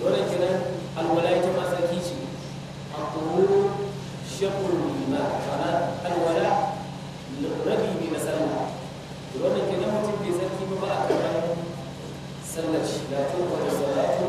wannan kenan alwala ita ma tsarki ce aqulu shaqul lima kana alwala rabi bi masalla wannan kenan mutum bai tsarki ba ba a karban sallar shi da ta wata sallah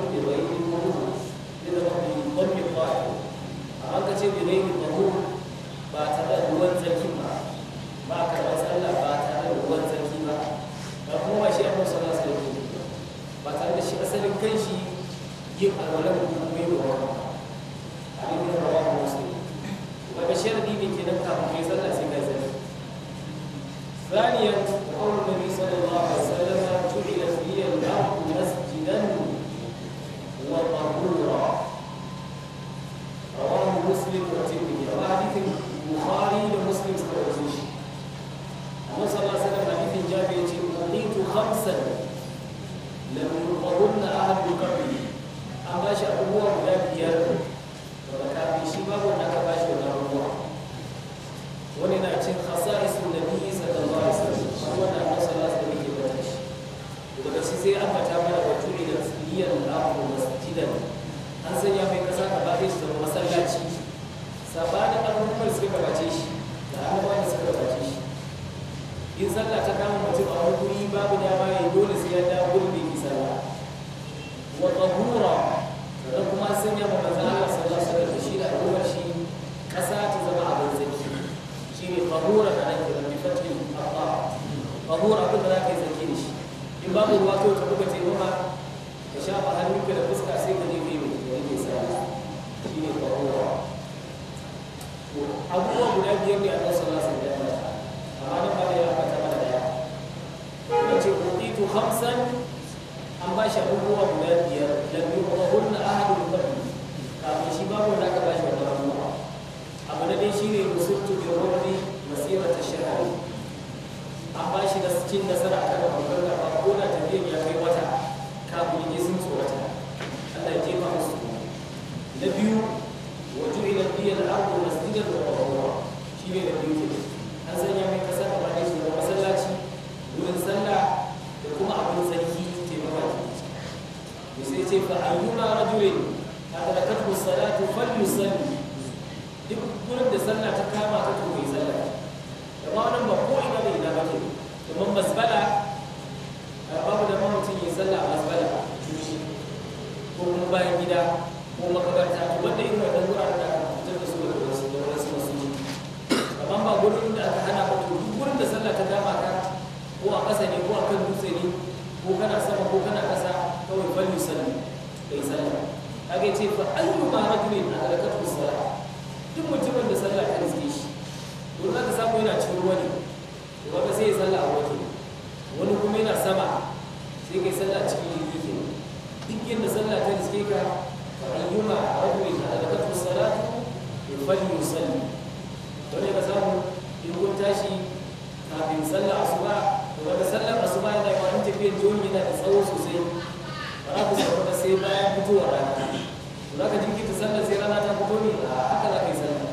za ka jinkirta sallar sai rana ta fito ne a haka za ka yi sallar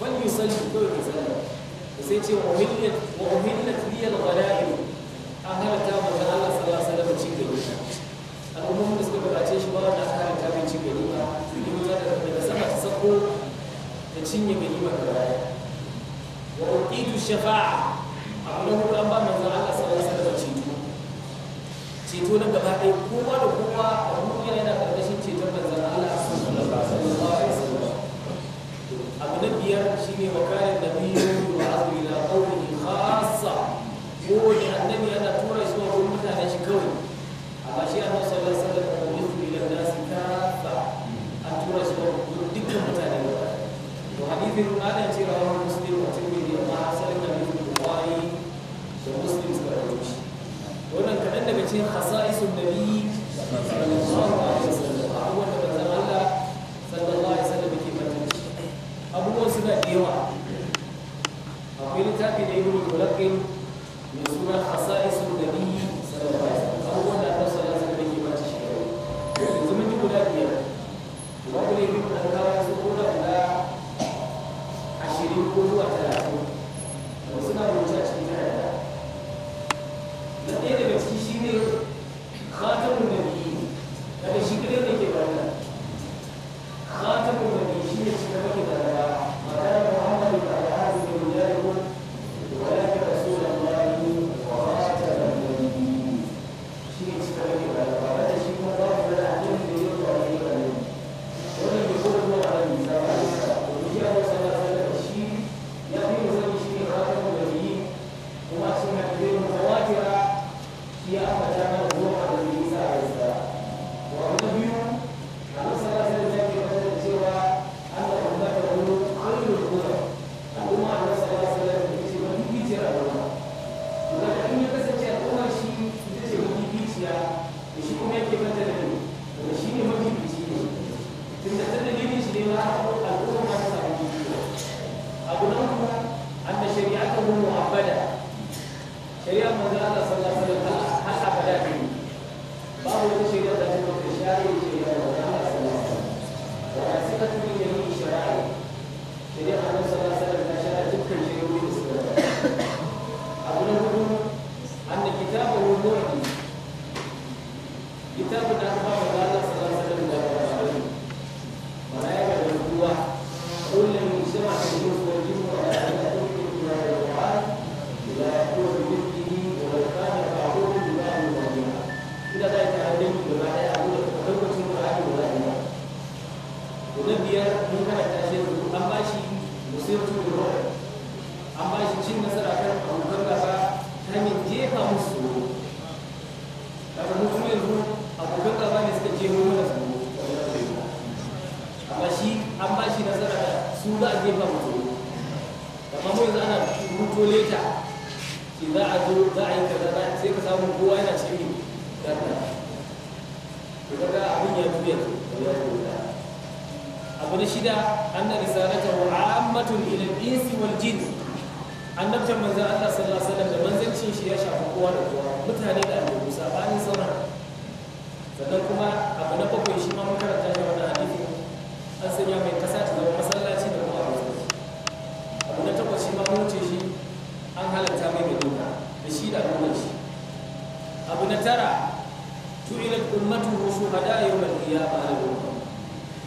wal yusalli ko yi sallar da sai ce wa uhillat wa uhillat liyal ghanaim an halatta manzo Allah sallallahu alaihi wasallam cin gari al'ummomin da suka gabace shi ba wanda aka halatta bai cin gari ba yi wuta daga sama ta sako da cinye gari ba da baya wa uqitu shafa'a abu na hudu an ba manzo Allah ceto na gaba ɗaya kowa da kowa a duniya yana ƙarƙashin ceton manzon Allah sallallahu alaihi wasallam abu na biyar shine makarin nabiyyu wa azu ila qawlihi khassa ko da annabi yana tura shi wa mutane shi kawai amma shi Allah sallallahu alaihi wasallam da yusu ila ta kafa an tura shi wa dukkan mutane to hadithin ana cewa ce khasa'isun nabi sallallahu wani shida an anna risalatahu ammatun ila al-insi wal jinn annabtan manzon Allah sallallahu alaihi wasallam da manzancin shi ya shafi kowa da kowa mutane da annabi sabanin sauran sannan kuma abu na bakwai shi ma makaranta ne wannan hadisi an sanya mai kasa ta zama masallaci da kuma abu abu na takwas shi ma mun ce shi an halatta mai da doka da shi da al'ummar shi abu na tara tu'ilat ummatu shuhada yawmal qiyamah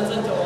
doesn't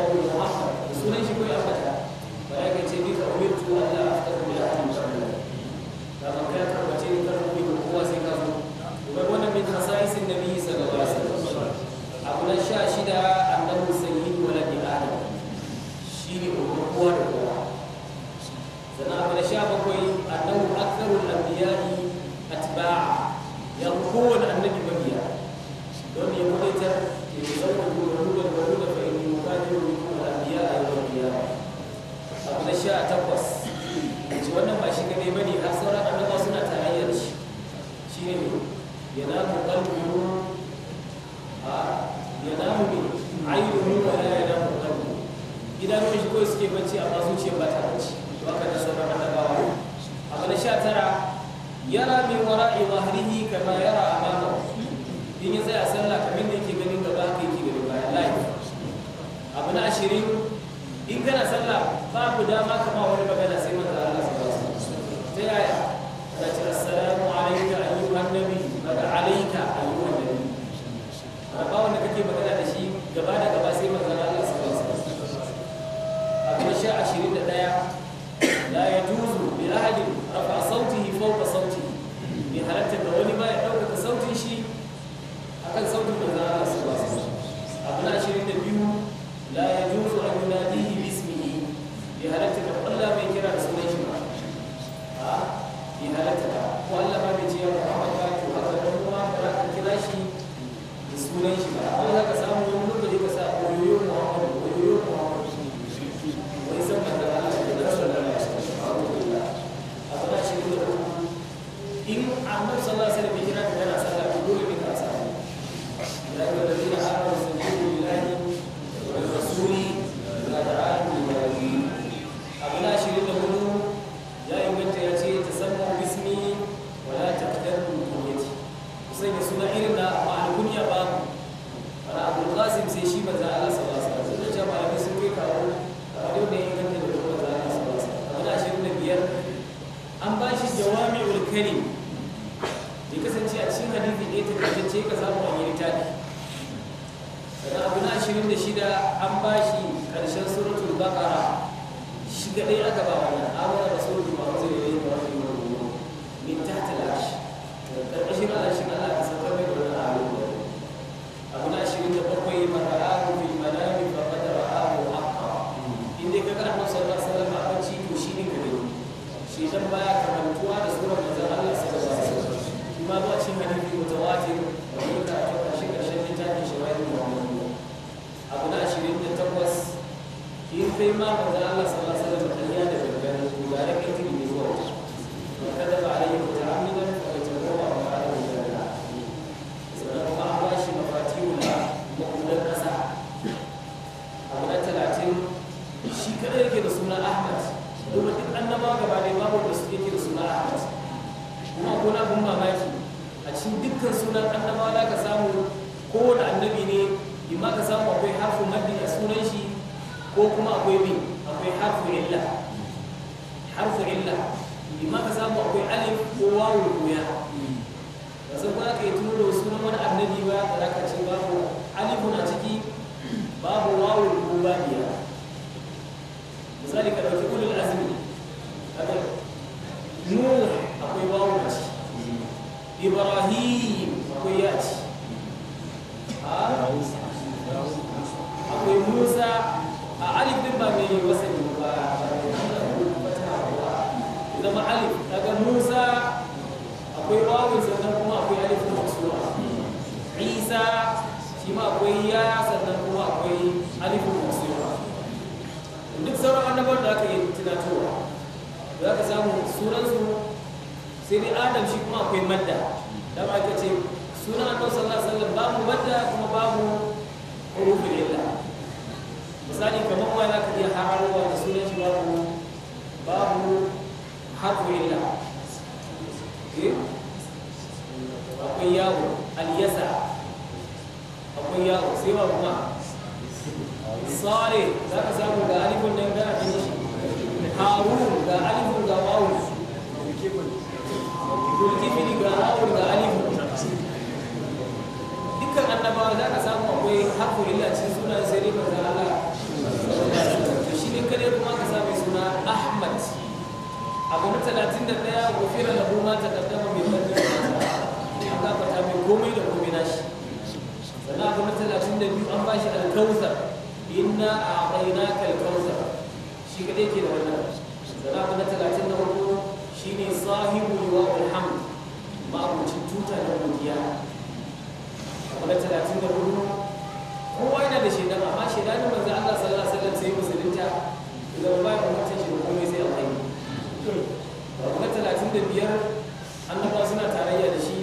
ko kuma akwai min akwai harfu illa harfu illa imma ka samu akwai alif ko wawu ko ya ba san ba ka yi turo sunan wani annabi ba da za ka ce babu alifu na ciki babu wawu ko ba biya misali ka ɗauki ulul azmi kaga nuh akwai wawu na ciki ibrahim Musa akwai wawun sannan kuma akwai alifin maksuwa Isa shi ma akwai ya sannan kuma akwai alifin maksuwa duk sauran annabawan da aka yi tunatowa za ka samu sunansu sai dai adam shi kuma akwai madda dama ake ce sunan annabawan sallallahu alaihi wasallam babu madda kuma babu hurufin illa misali kamar wani za ka iya hararowa da sunan shi babu babu harfin illa Eh? akwai yawo aliyasa akwai yawo sai ba kuma sare za ka samu ga alifin nan gana fi shi harun ga alifin ga wawun kulkifini ga wawun ga alifin dukkan annabawa za ka samu akwai haku illacin sunan sai dai ba za Allah shi ne kadai kuma ka samu suna ahmad abu na talatin da ɗaya fira da kuma ta kaddama mai ɓarfi da ta an gafata mai komai da komai nashi sannan abu na talatin da biyu an ba shi alkausa, inna a ɓaina kalkawusar shi kaɗai ke da wannan sannan abu na talatin da hudu shi ne sahibu yiwa ulhamdu ma'abucin tuta da godiya abu na talatin da hudu kowa yana da shaidan amma shaidanin manzo Allah sallallahu alaihi wasallam sai musulunta idan ba ya biyar annabawa suna tarayya da shi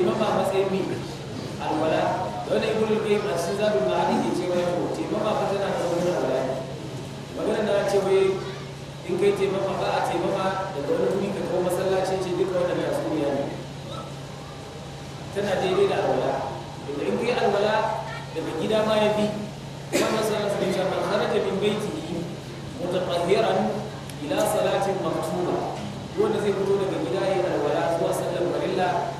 taimama matsayin mai alwala da wani ibn al-qayyim a cikin zabin ma hadi ke cewa to taimama ba tana da wani alwala magana na ce wai in kai taimama ba a taimama da wani wuri ka kawo masallaci ce duka wannan na cikin ya ne tana daidai da alwala daga in kai alwala daga gida ma ya fi wannan sallar sun ce man kharaja min baitihi mutaqahhiran ila salatin maktuba wanda zai fito daga gida yayin alwala zuwa sallar farilla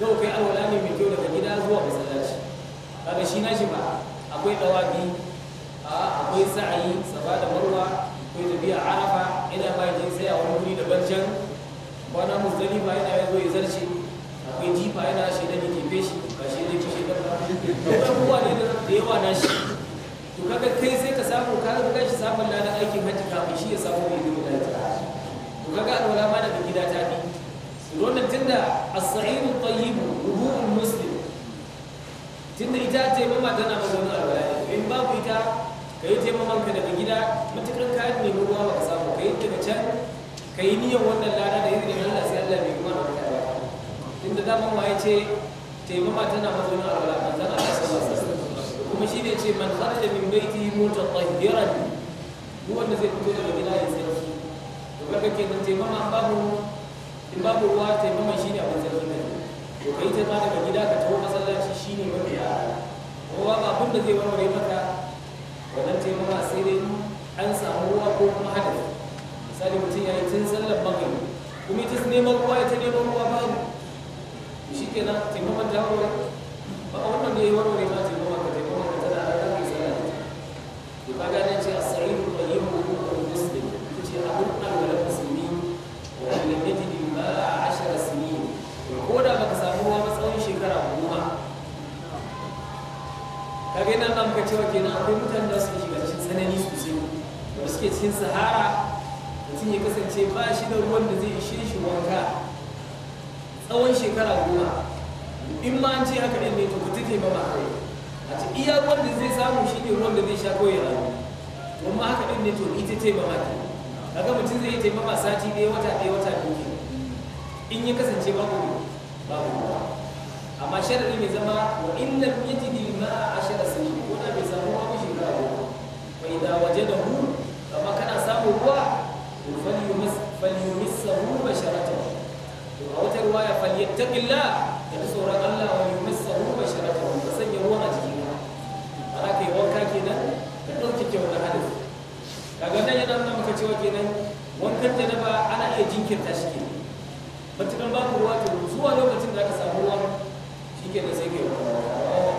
zai kai alwala ne mai kyau daga gida zuwa masallaci daga shi na shi ba akwai dawabi akwai sa'ayi saba da marwa akwai tafiya arafa ina ba yake sai a wani guri daban can kwana ba yana yanzu ya zarce akwai jifa yana shi da nike feshi ba shi da kishi shi da ba abubuwa ne da yawa na shi to kaga kai sai ka samu ka ga kai shi samun ladan aikin hajji kafin shi ya samu mai dubu da ta to kaga alwala ma daga gida ta bi wannan tunda as-sa'idu tayyibu ruhul muslim tunda ita ce mama tana magana alwala in babu ita kai ce maman ka daga gida mutukar kayan ne ruwa ba ka samu kai daga can niyyar wannan lada da izinin Allah sai Allah bai kuma da wata tunda da ya ce taimama tana magana alwala kuma ce man kharaja min baiti mutatahhiran duk wanda zai fito daga gida ya tsira to kaga kenan taimama babu in babu ruwa taimaman shi ne abin sarki ne to ka yi taima daga gida ka taho masallaci shi ne mafi yara ruwa ba abin da zai warware maka wannan taimama sai dai an samu ruwa ko kuma hadari misali mutum ya yi tun sallar magani kuma ita neman ruwa ita neman ruwa ba ne shi kenan taimaman ta warware ba a wannan da ya warware ma taimama ka taimama ka tana da kan sallar ta to ka gane ce a sa'idu qayyimu wa muslim ita ce abin nuna muka cewa kenan akwai mutane da suke shiga cikin tsanani sosai da suke cikin sahara mutum ya kasance ba shi da ruwan da zai ishe shi wanka tsawon shekara goma in ma an ce haka ne mai tafi take ba ma a ce iya ruwan da zai samu shi ne ruwan da zai sha kawai rayu to ma haka ɗin ne to ita ce ba ma ke kaga mutum zai yi ba sati ɗaya wata ɗaya wata biyu in ya kasance babu babu ruwa amma sharaɗin ya zama wa in lam yajidi a ashara sinin da hu amma kana samu ruwa to falyumis falyumissahu basharatan to a wata ruwaya falyattaqillah ya ji tsoron Allah wa yumissahu basharatan ka sanya ruwa a jikin ka ana kai wanka kenan ka dauke ke wannan hadis daga nan yana nuna maka cewa kenan wankan ba ana iya jinkirta shi kenan matukan babu ruwa to zuwa lokacin da aka samu shi kenan sai kai wanka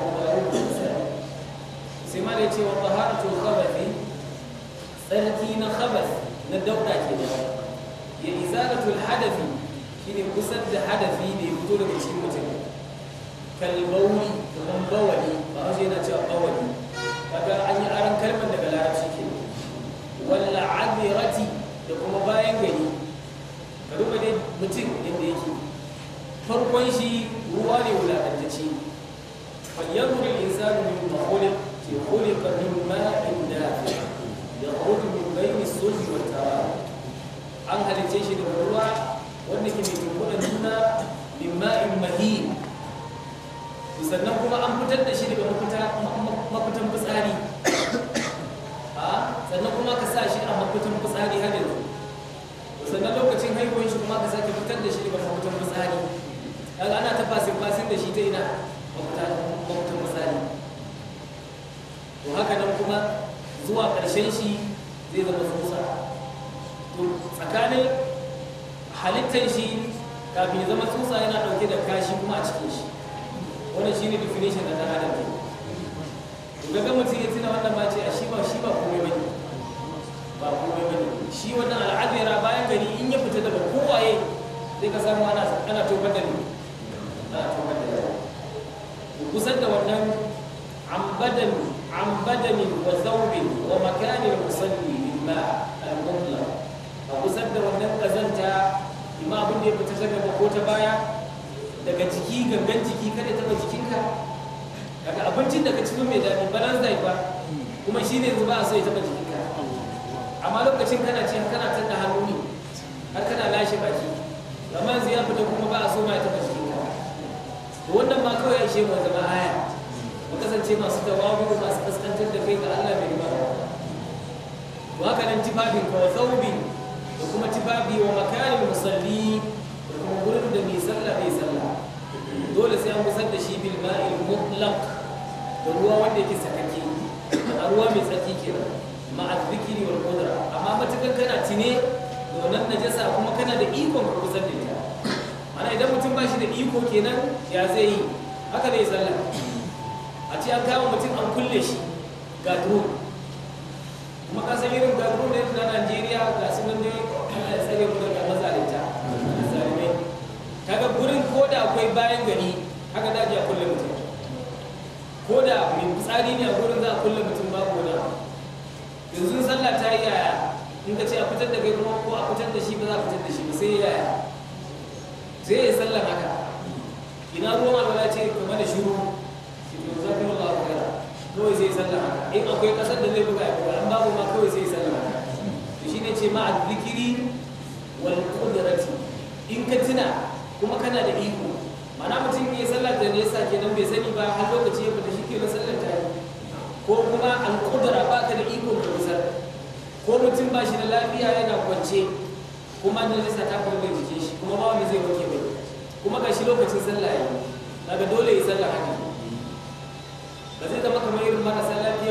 ya ce wa taharatu khabathi tsarki na khabas na dauda ke da ya izalatul hadafi shine kusar da hadafi da ya fito daga cikin mutum kalbauri kamar bawali ba wasu yana cewa bawali kaga an yi aran kalmar daga larabci ke walla adirati da kuma bayan gari ka duba dai mutum yadda yake farkon shi ruwa ne wulaƙantacce falyanzu lil insani min ma'ulin خلق من ماء دافئ يخرج من بين الصلب والتراب an halice shi daga ruwa wanda ke mai kumbunan juna min ma'in mahin sannan kuma an fitar da shi daga mafitan fitsari sannan kuma ka sa shi a mafitan fitsari har sannan lokacin haihuwar shi kuma ka sake fitar da shi daga mafitan fitsari ana ta fasin fasin da shi ta ina mafitan fitsari to haka nan kuma zuwa ƙarshen shi zai zama tsutsa to tsakanin halittar shi kafin zama tsutsa yana ɗauke da kashi kuma a cikin shi wannan shine definition da ɗan adam ne to ga mutum ya tuna wannan ba ce a shi ba shi ba komai bane ba komai bane shi wannan al'adira bayan gari in ya fita daga kowaye sai ka samu ana ana tobar da ni ana tofar da ni kusan da wannan ambadan عن بدن وثوب ومكان المصلي للماء المطلق أبو سد wannan kazanta ima abin da ya fita ta ko ta baya daga jiki gangan jiki kada taba jikinka daga abincin daga cikin mai daɗi balance diet ba kuma shi ne yanzu a so ya taba jikinka amma lokacin kana ci kana tanda hannu ne har kana lashe baki amma yanzu ya fita kuma ba a so ma ya taba jikinka to wannan ma kawai ya ishe mu zama aya mu kasance masu tawabu masu kaskantar da kai ga Allah mai ba to haka nan tibabin ka wa thawbin da kuma tibabi wa makanin musalli da kuma gurin da mai sallah mai sallah dole sai an musar da shi bil ma'il mutlaq da ruwa wanda yake sakake a ruwa mai tsaki kenan ma'a zikiri wal qudra amma matakan kana tine da wannan najasa kuma kana da ikon ka kusa da ita ana idan mutum ba shi da iko kenan ya zai yi haka zai sallah a ce an kawo mutum an kulle shi ga drone kuma ka san irin ga drone da na Najeriya ga su nan dai kuma ya tsare mu daga mazalinta Ta kaga gurin ko da akwai bayan gari haka da a kulle mutum ko da mai fitsari ne a gurin za a kulle mutum ba wani yanzu sallah ta yi yaya in ka ce a fitar da kai kuma ko a fitar da shi ba za a fitar da shi ba sai yaya sai ya sallah haka ina ruwan alwala ce kamar da shiru jazakumullahu in akwai kasar da zai buga ya buga an babu ma ce in ka tuna kuma da iko mana mutum ya sallar da nesa kenan bai sani ba har lokaci ya fita shi ke sallar ta ko kuma da iko ko mutum ba shi lafiya yana kwance kuma najasa ta kwalbe jikin shi kuma ba zai kuma ga shi lokacin sallah ya yi daga dole ya sallah da zai zama kamar irin marasa lafiya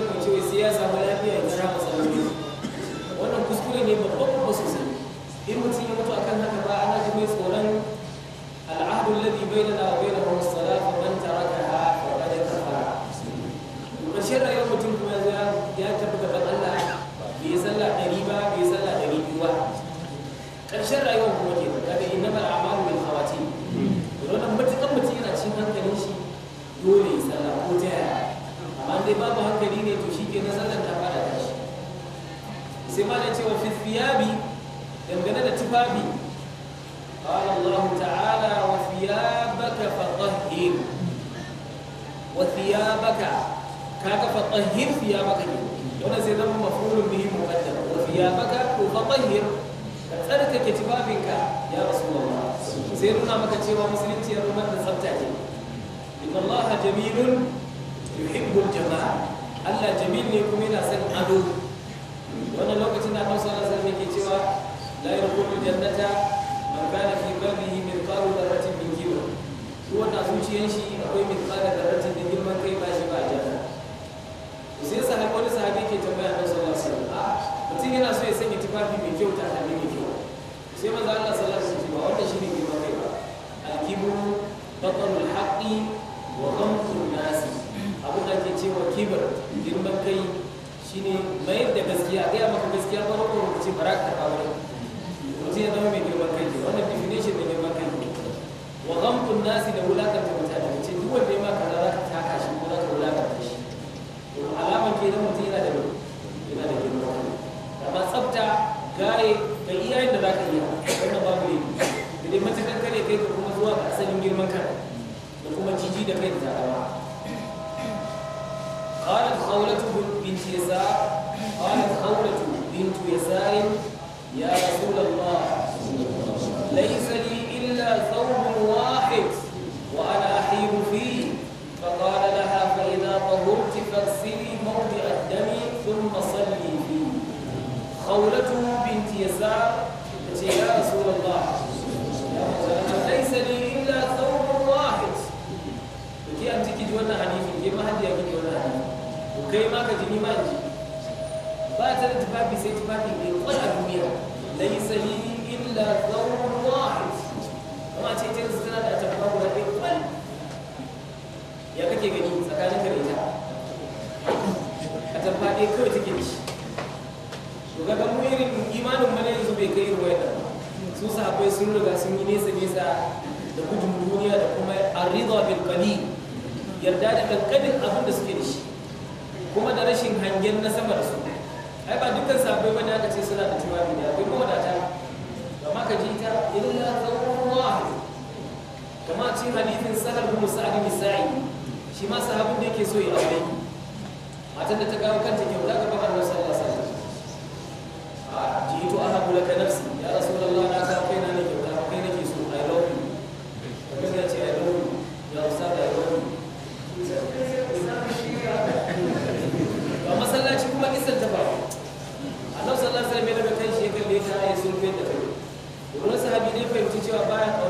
我们今天要办。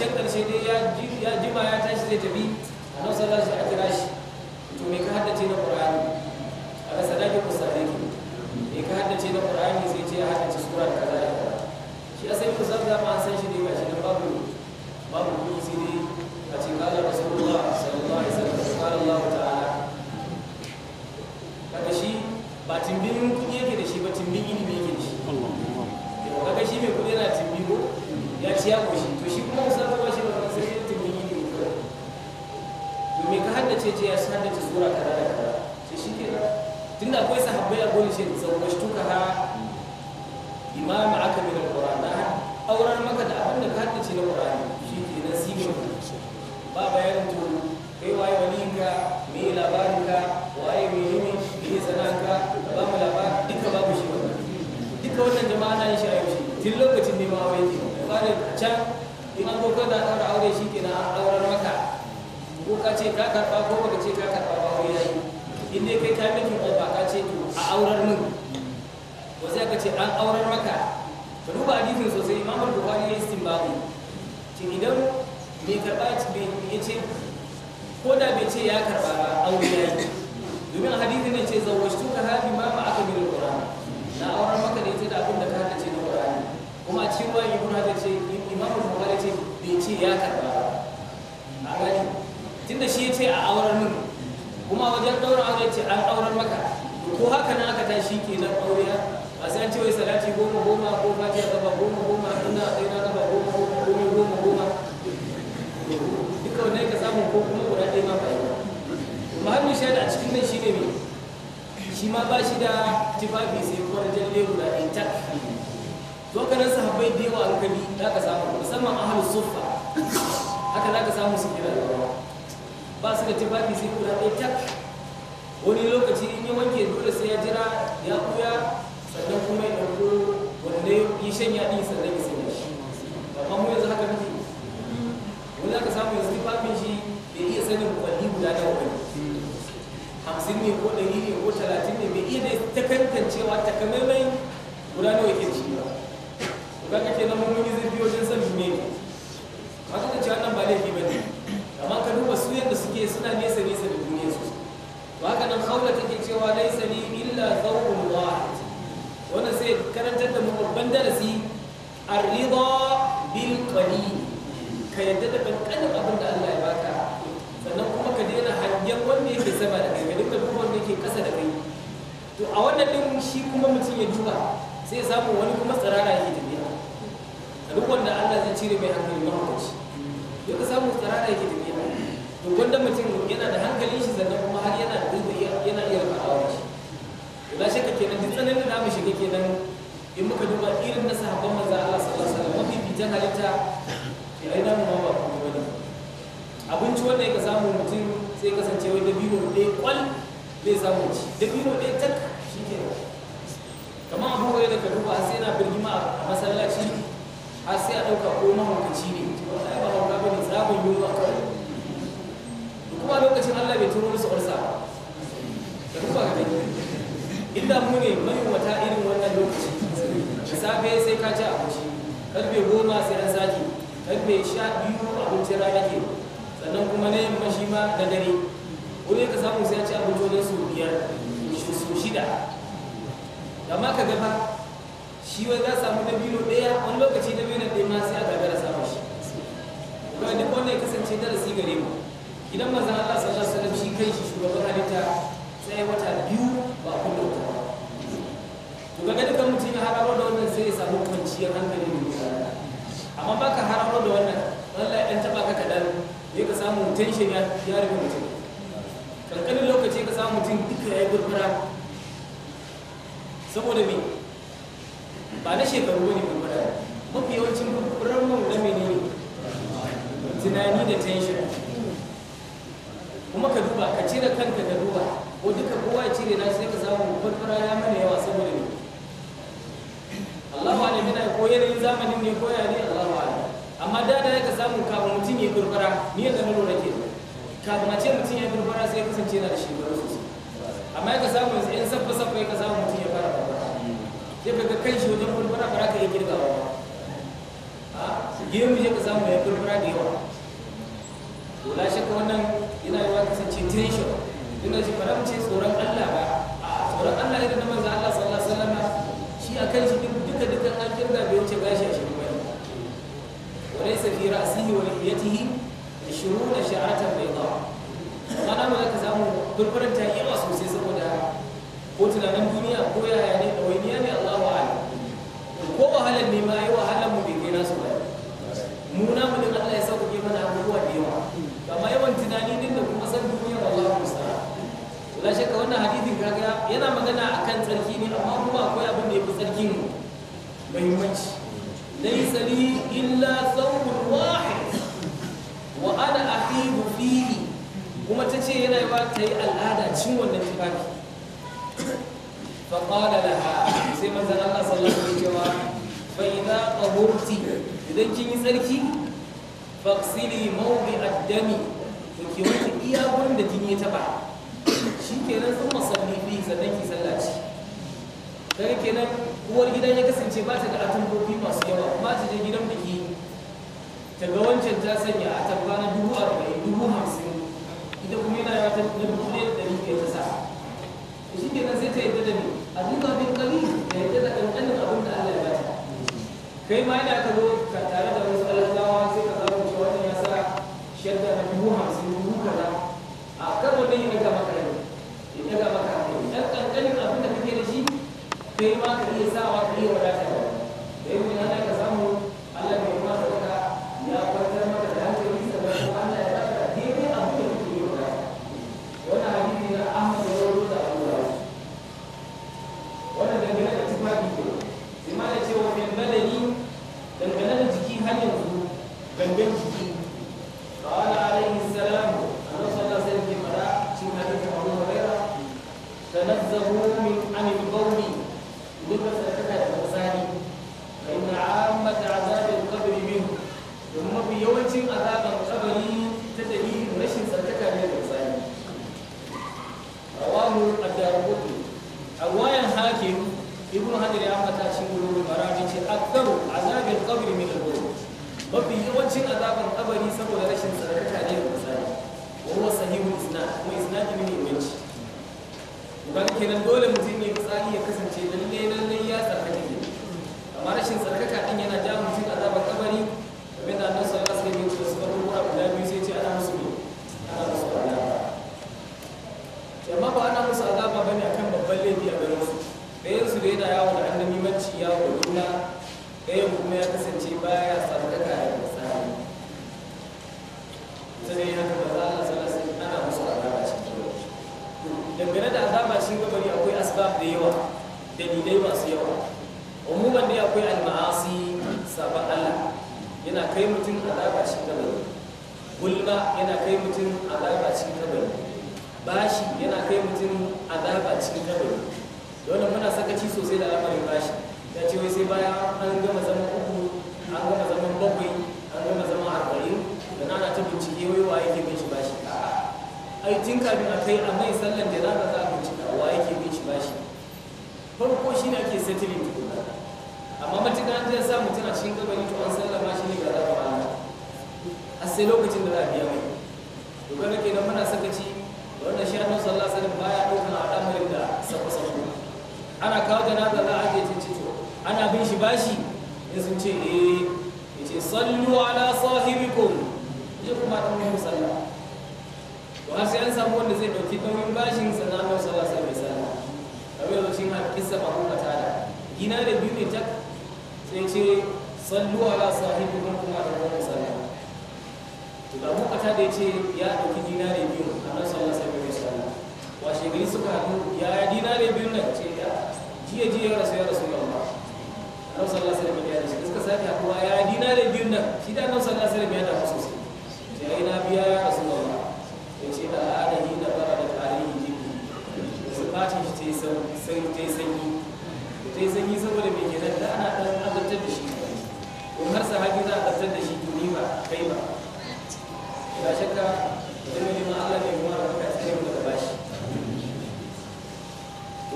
ƙarshen ƙarshe dai ya jima ya tashi zai tafi a nan sallar shi a kira shi to me ka haddace na qur'ani a ga sadaki ku sadaki me ka haddace na qur'ani sai ce ya haddace sura ta kaza shi ya sai ku san zama san shi ne ba shi nan babu babu ku sai dai a ce ga rasulullah sallallahu alaihi wasallam qala ta'ala kaga shi ba timbin kuɗi yake da shi ba timbin ilimi yake da shi Allah Allah kaga shi me kuɗi yana timbi ko ya ci ya koshi to shi kuma musa ba shi ba sai ya tuni yi ne kawai me ka hadda ce ya haddace sura kaza da kaza ce shi ke tunda akwai sahabbai a gole shi zawwashtu ka ha imam aka bi min alquran na auren maka da abin da ka haddace na qur'ani shi ke nan sibin ba bayanin to kai waye wani ka me labarin ka waye me yimi me sananka ba mu labarin duka babu shi wannan duka wannan jama'a na yin shi a yau shi tun lokacin ne ma wai fara can in an zo kana ɗaura aure shi ke na ɗaurar maka ko ka ce ka karɓa ko ka ce ka karɓa ba wai ya yi in dai kai ka miki ba ka ce to a aurar min ko sai ka ce an aurar maka ka duba hadisin sosai imamu bukhari ya istinbari shin idan bai karɓa ya ce ko da bai ce ya karɓa ba aure ya domin hadisin ne ce ka hadi ma ma aka bil qur'an na aurar maka ne ta da abin da kuma a cikin ibn hajar ce imamu bukhari ce bai ce ya karba a gani tunda shi ya ce a auren min kuma wajen daura aure ce an auren maka ko haka na aka tashi ke nan aure ba sai an ce wai salati goma goma ko fatiha gaba goma goma inna na gaba goma goma goma goma goma duka wannan ka samu ko kuma guda ɗaya ma bai kuma har misali a cikin nan shi ne shi ma ba shi da tifafi sai kuma jalle guda ɗaya tak zo ka nan sahabbai da yawa an bi za ka samu musamman halin sufa haka za ka samu su kira da rawa ba su da tufafi sai kura ɗaya tak wani lokaci in yi wanke dole sai ya jira ya ɓuya sannan kuma ya ɗauko wanda ya shanya ɗin sannan ya sanya shi amma mu yanzu haka muke wani za ka samu yanzu tufafin shi bai iya sanin kwalli guda da wani hamsin ne ko ɗari ne ko talatin ne bai iya da ta kankancewa takamaimai guda nawa ke ci za ka ke nan mun yi zurfi wajen san me ba ka ce wannan ba laifi ba ne amma ka duba su yadda suke suna nesa nesa da duniya su ba ka nan haula take cewa laisa ni illa zawqul wahid wannan sai karantar da mu babban darasi ar-ridha bil qalil ka yadda da kankanin abin da Allah ya baka sannan kuma ka daina hangen wanda yake sama da kai ka dinga wanda yake kasa da kai to a wannan din shi kuma mutum ya duba sai ya samu wani kuma tsirara yake cire mai hankali hukunci yau ka samu tsara da yake tafiya duk wanda mutum yana da hankali shi sannan kuma har yana yana iya rikawa a to da shi kenan duk tsananin da mu shiga kenan in muka duba irin na sahabban manzo Allah sallallahu alaihi wasallam bijan halitta ya yi namu ma ba kuma bane abinci wanda ya ka samu mutum sai kasance wai dabino ɗaya kwal zai samu ci dabino ɗaya tak shi kenan kamar abubuwa da ka duba sai yana birgima a masallaci har sai a ɗauka ko mahaukaci ne wanda ba hauka ba ne tsabon yunwa kawai da kuma lokacin allah bai turo musu ursa da kuma ga gani inda mu ne mayuwata irin wannan lokaci da safe sai ka ci abinci karfe goma sai ran sati karfe sha biyu abincin rana ke sannan kuma na yamma shi ma da dare wani ka samu sai ya ci abinci wajen su biyar su shida da ka gaba shi wai za samu dabino ɗaya wani lokaci dabino ɗaya ma sai a gagara samun shi kuma duk wanda ya kasance darasi gare mu idan maza Allah sallallahu alaihi wasallam shi kai shi shugaban halitta sai wata biyu ba kullum ta ba to ga dukkan mutum ya hararo da wannan sai ya samu kwanciyar hankali ne amma baka hararo da wannan wallahi dan taba ka kadan ne ka samu tension ya ya rufe mutum kankanin lokaci ka samu mutum duka ya yi saboda me ba na shekaru bane gurgurda mafi yawancin gurgurdan mu na ne. tunani da tension kuma ka duba ka cire kanka da ruwa ko duka kowa ya cire na sai ka samu farfara ya mana yawa saboda ne Allahu alim na ko yanayin zamanin ne ko ya ne Allahu alim amma da da ka samu kafin mutum ya farfara, ni yanzu na lura ke kafin a ce mutum ya farfara sai ya kasance yana da shekaru sosai amma ya ka samu yanzu yan sabba sabba ya ka samu mutum ya sai ka ga shi wajen furfura ba za ka yi kirgawa ba a mu je ka samu ya furfura da yawa to la shakka wannan yana yawa kasance tension da shi ba ce tsoron Allah ba a tsoron Allah irin na manzo Allah sallallahu alaihi wasallam shi akan shi duka duka an kirga bai wuce gashi a shirin bane wa laysa fi ra'sihi wa liyatihi 20 sha'atan bayda ana ma ka samu furfuran ta yawa sosai saboda ko tunanin duniya ko yaya ne ko wahalar ne ma yi wahalar mu bai na nasu ba mu na mu din Allah ya kuke mana abubuwa da yawa amma yawan tunani din da kuma san duniya duniyar Allah musa la shakka wannan hadisin kaga yana magana akan tsarki ne amma kuma akwai abin da yafi tsarkin muhimmanci laysa li illa thawbun wahid wa ana ahibu fihi kuma tace yana yawa tayi al'ada cin wannan tufafi فقال لها سيما الله صلى الله عليه وسلم fa idza tahurti idan kin yi tsarki faksili mawdi addami to ke wanke iya gurin da jini ya taba shikenan sun masalli fi sannan ki sallaci kai kenan uwar gidan ya kasance ba ta da atambobi masu yawa ba ta je gidan biki ta ga wancan ta sanya a tabba na dubu arba'in dubu hamsin ita kuma yana yawa ta na dubu ɗaya da ɗari ta sa to shikenan sai ta yadda da ni a duka bin ƙari da yadda da ƙanƙanin abin da Allah ya bata kai ma yana ka zo tare da wasu alazawa sai ka zama shi wannan ya sa shadda na dubu hamsin dubu kaza a kan wannan yana ga maka rai ya ga maka rai dan kankanin abin da kake da shi kai ma ka bashi ya sun ce eh ya ce sallu ala sahibikum ya kuma ɗan wani musalla ba har sai an samu wanda zai ɗauki nauyin bashin sannan mai sallah sai mai sallah kamar yanzu shi ma kisa ba kuma tada gina da biyu ne tak sai ce sallu ala sahibikum kuma ɗan wani musalla to da muka tada ya ce ya ɗauki gina da biyu annabi sallallahu alaihi wasallam washe gari suka haɗu ya yi da biyu nan ce ya jiya ya rasu ya rasu nan sallallahu alaihi wasallam ya da suka sake kuma ya dina da biyun nan shi da nan sallallahu alaihi wasallam ya da su sosai ya yi biya ya ya ce da al'adari na fara da tarihi jiki su shi ta yi sanyi ta yi sanyi saboda mai kenan da ana ɗan azabtar da shi ko har sahabi za a azabtar da shi to ni ba kai ba ya shakka da mai neman Allah mai kuma rafa kai sai da bashi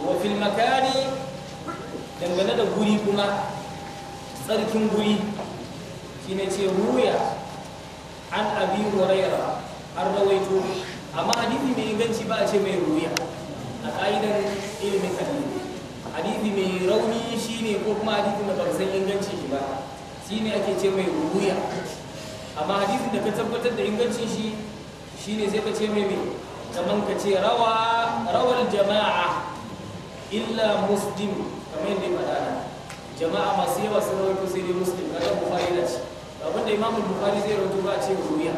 wa fil makani dangane da guri kuma tsarkin guri shi ne ce ruya an abi huraira an rawaito amma hadithi mai inganci ba a ce mai ruya a ƙa'idan ilimin hadithi hadithi mai rauni shi ne ko kuma hadithi matsarsan inganci shi ba shi ne ake ce mai ruya amma hadithi da ka tabbatar da ingancin shi shi ne sai ka ce mai mai zaman ka ce rawa rawar jama'a illa muslim kamar yadda ya faɗa jama'a masu yawa sun rawaito sai dai muslim kaga bukhari na ci abinda imamu bukhari zai rawaito ba a ce ruwiya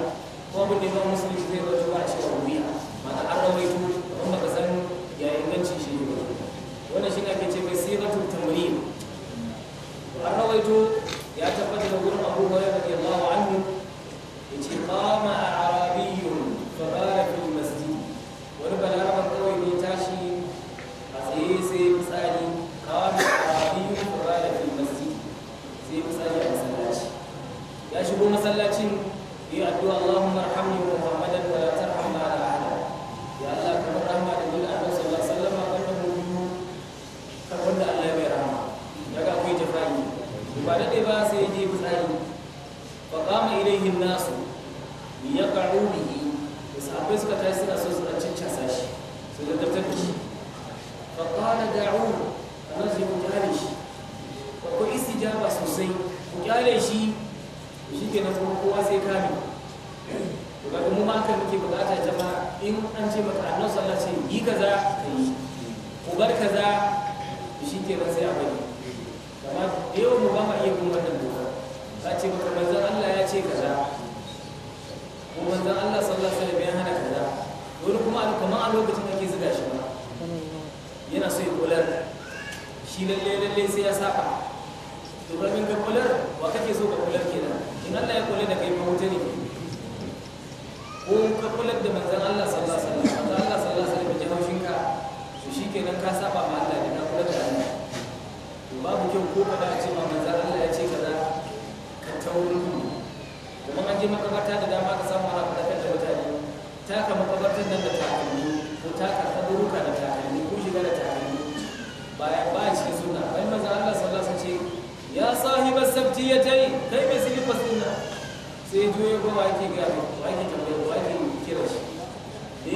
ko abinda imamu muslim zai rawaito ba a ce ruwiya sabti ya ta yi kai mai silifas ɗin sai juyo ko ba ake gaya ba tambaya ba ake kira shi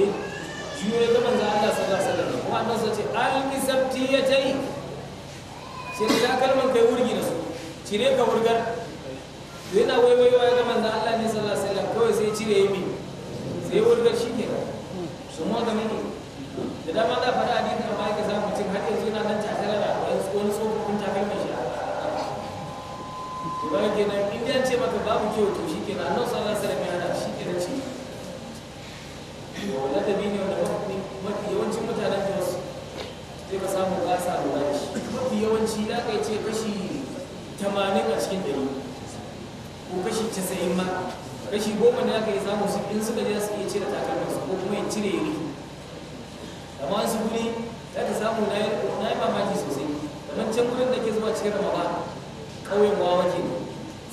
eh juyo ga manzo Allah sallallahu alaihi wasallam kuma Allah sai ce sabti ya ta sai da kalman kai wurgi da su cire ka wurgar yana waiwaiwa ga manzo Allah ne sallallahu alaihi wasallam kawai sai cire yi sai wurgar shi babu kyau to shi ke annabi sallallahu ya wasallam ya shi ke kenan shi wannan da ne wanda mafi yawancin mutanen da wasu zai ka samu ba sa lura da shi mafi yawanci za kai ce kashi 80 a cikin dari ko kashi 90 ma kashi goma ne aka yi samu su in suka je su iya cire su ko kuma ya cire yake amma su guri za ka samu na yi mamaki sosai kamar can gudun da ke zuwa cikin ramaba ƙauyen wawa ke ne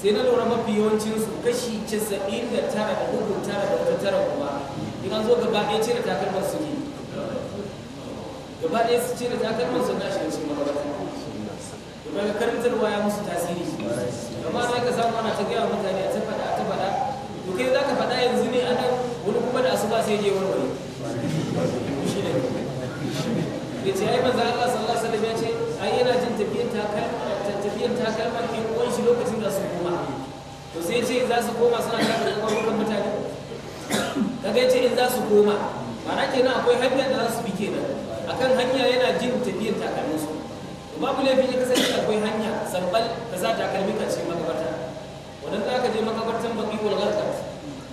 sai na lura mafi yawancinsu kashi casa'in da tara da hukun tara da wata tara kuma in an zo gaba ɗaya cire takalman su ne gaba ɗaya su cire takalman su gashi da ba mabarata domin karantarwa ya musu tasiri amma za ka samu ana ta gaya mutane a ta faɗa a ta faɗa to kai za ka faɗa yanzu ne a nan wani kuma da asuba sai je warware shi ne ya ce ai manzo Allah sallallahu alaihi wasallam ya ce ai yana jin tafiyar takalma tafiyar takalma in uwan shi lokacin to sai ce in za su koma suna kafin kafafukan mutane ga ce in za su koma ma'ana kenan akwai hanya da za su bi kenan akan hanya yana jin tafiyar takalminsu babu laifin ya kasance akwai hanya sabbal ka sa takalmi ka ce makabarta wannan za ka je makabartan baki wal gharqat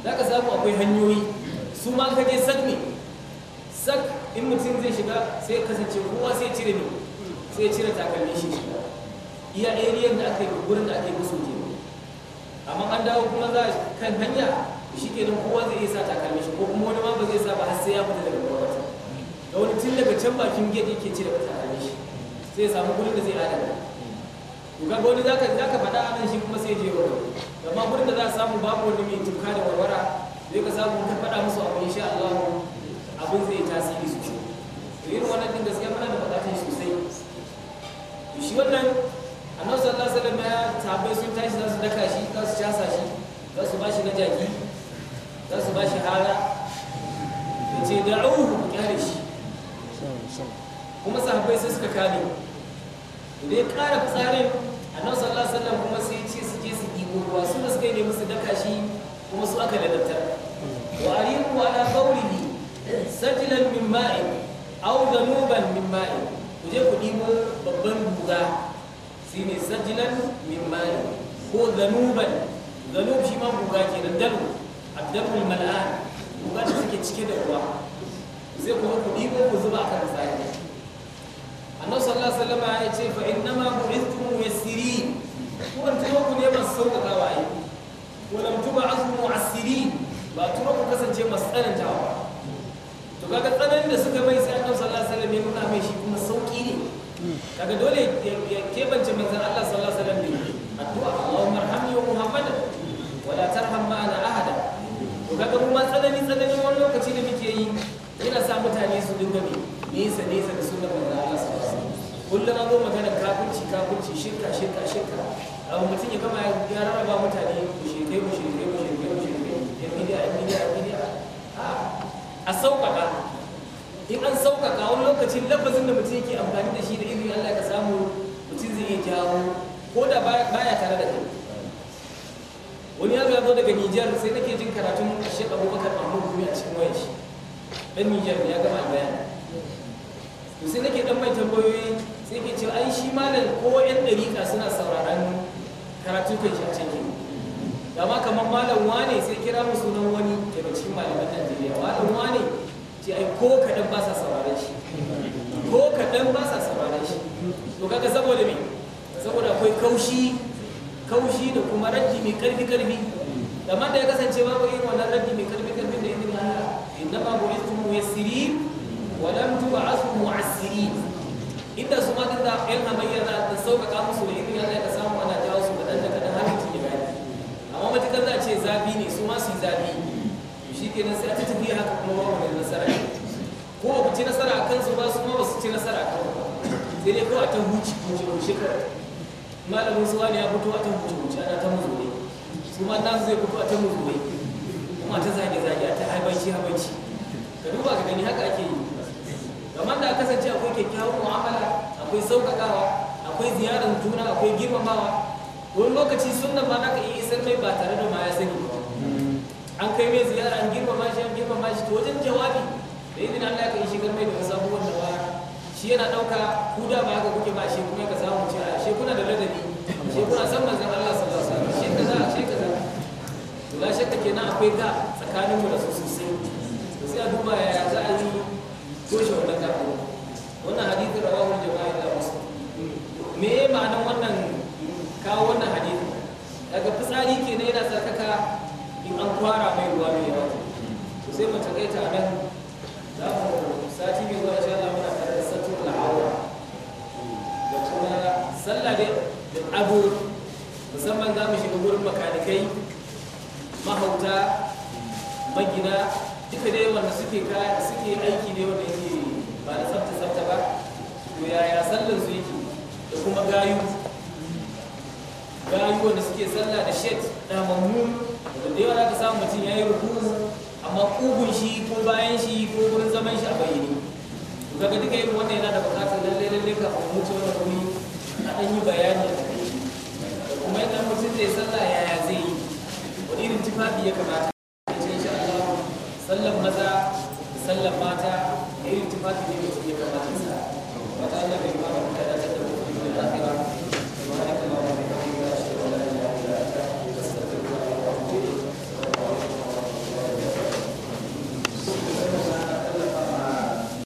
za ka samu akwai hanyoyi su ma ka je sak ne sak in mutum zai shiga sai kasance kowa sai cire ne sai cire takalmi shi shiga iya area da aka yi gurin da ake musu ke amma an dawo kuma za a kan hanya shi nan kowa zai iya sa takalmi shi ko kuma wani ma ba zai sa ba har sai ya fita daga gwamnati da wani tun daga can bakin gate yake cire ba takalmi shi sai ya samu kudin da zai adana to ga wani zaka zaka faɗa a nan shi kuma sai je wani amma kudin da za a samu babu wani mai tuka da warwara zai ka samu ka faɗa musu abu insha Allah abin zai tasiri sosai to irin wannan din gaskiya muna da buƙatar sosai to shi wannan annabi sallallahu alaihi wasallam ya sahabbai sun tashi za su daka shi za su casa shi za su ba shi na jaki za su ba shi hara da ce da'uhu ku kyale shi kuma sahabbai sai suka kare da ya kara tsarin annabi sallallahu alaihi wasallam kuma sai ce su je su ɗigo ruwa su da suka yi musu daka shi kuma su aka lalatar wa ariku ala qawlihi sajlan min ma'in aw dhanuban min ma'in ku je ku ɗibo babban guga shine sajlan min mali ko zanuban zanub shi ma guga kenan dalu addabul mal'an guga da suke cike da ruwa zai kuma kuɗi ko ku zuba a kan tsari annabi sallallahu alaihi wasallam ya ce fa innama bu'ithtum muyassirin ko an tuba ku ne masu sauƙaƙawa ai ko lam tub'athu mu'assirin ba tuba ku kasance masu tsanantawa to kaga tsananin da suka mai daga dole ya kebance manzan Allah sallallahu alaihi wasallam ne addu'a Allahumma arhamni wa Muhammad wa la tarham ma'ana ahada to kaga kuma tsanani tsanani wani lokaci da muke yi yana sa mutane su dinga bi ne sa da sunnar manzan Allah sallallahu alaihi wasallam kullum an zo magana kafirci kafirci shirka shirka shirka abu mutum ya gama ya rarraba mutane mushrikai mushrikai mushrikai mushrikai ya bidiya ya bidiya ya bidiya a sauƙaƙa in an sauƙaƙa wani lokacin lafazin da mutum yake amfani da shi da Allah ka samu mutum zai iya jawo ko da baya tare da kai wani yaro ya zo daga Nijar sai nake jin karatun Sheikh Abubakar Mahmud Gumi a cikin wayar shi dan Nijar ya gama bayani to sai nake dan mai tambayoyi sai ke cewa ai shi malam ko yan dariƙa suna sauraron karatun kai a cikin dama kamar malam wane sai kira mu sunan wani daga cikin malaman Najeriya malam wane ce ai ko kaɗan ba sa sauraron shi ko kaɗan ba sa saurara shi to kaga saboda me saboda akwai kaushi kaushi da kuma ranji mai karfi karfi da man da ya kasance babu yin wannan ranji mai karfi karfi da izinin Allah inna ma bu'istu muyassirin wa lam tub'asu asiri. inda su ma din da yan hamayya za ta sauƙaƙa musu da izinin Allah ya samu ana jawo su kaɗan da kaɗan har mutum ya amma matukar za a ce zabi ne su ma su yi zabi shi kenan sai a ta tafiya haka kuma babu mai nasara ko ba ku ci nasara a kansu ba su ba su ci nasara a kansu sai dai kawai ta huci huci huci kawai malamin su wani ya fito a ta huci huci ana ta musu ne su ma ta zai fito a ta musu ne kuma ta zage zage a ta haibanci haibanci ka duba ka gani haka ake yi kamar da kasance akwai kyakkyawan mu'amala akwai sauƙaƙawa akwai ziyarar juna akwai girmamawa wani lokaci sunna ma ka iya isar mai ba tare da ma ya sani ba an kai mai ziyara an girmama shi an girmama shi to wajen jawabi da izinin Allah ka yi shigar mai da sabuwar wanda ba shi yana ɗauka ku da ba haka kuke ba shi kuma ka samu ce a shi kuna da ladabi shi kuna san manzon Allah sallallahu alaihi wasallam shi kaza shi kaza to la shakka kenan akwai ga tsakanin mu da su sosai to sai a duba ya za a yi toshe wannan gafa wannan hadisi wani jama'a da wasu me ya ma'anar wannan kawo wannan hadisi daga fitsari kenan yana tsakaka in an kwara mai ruwa mai yawa to sai mace kai a nan sati mai zuwa insha Allah muna tare da satur al'aura da kuma sallah da abu musamman za mu shiga gurin makanikai mahauta magina duka dai wanda suke suke aiki ne wanda yake ba da tsafta tsafta ba to yaya sallar su yake da kuma gayu gayu wanda suke sallah da shet da mamun da da yawa za ka samu mutum ya yi rukuku amma ƙugun shi ko bayan shi ko wurin zaman shi a bayyane daga duka yin wannan yana da bukatar lalle lallai kafin mutu wani wuri a ɗan yi bayani a kai kuma yadda mutum zai sallah yaya zai yi wani irin tufafi ya kamata ya ce shi Allah sallan maza sallan mata irin tufafi ne mutum ya kamata sa wata Allah bai ba da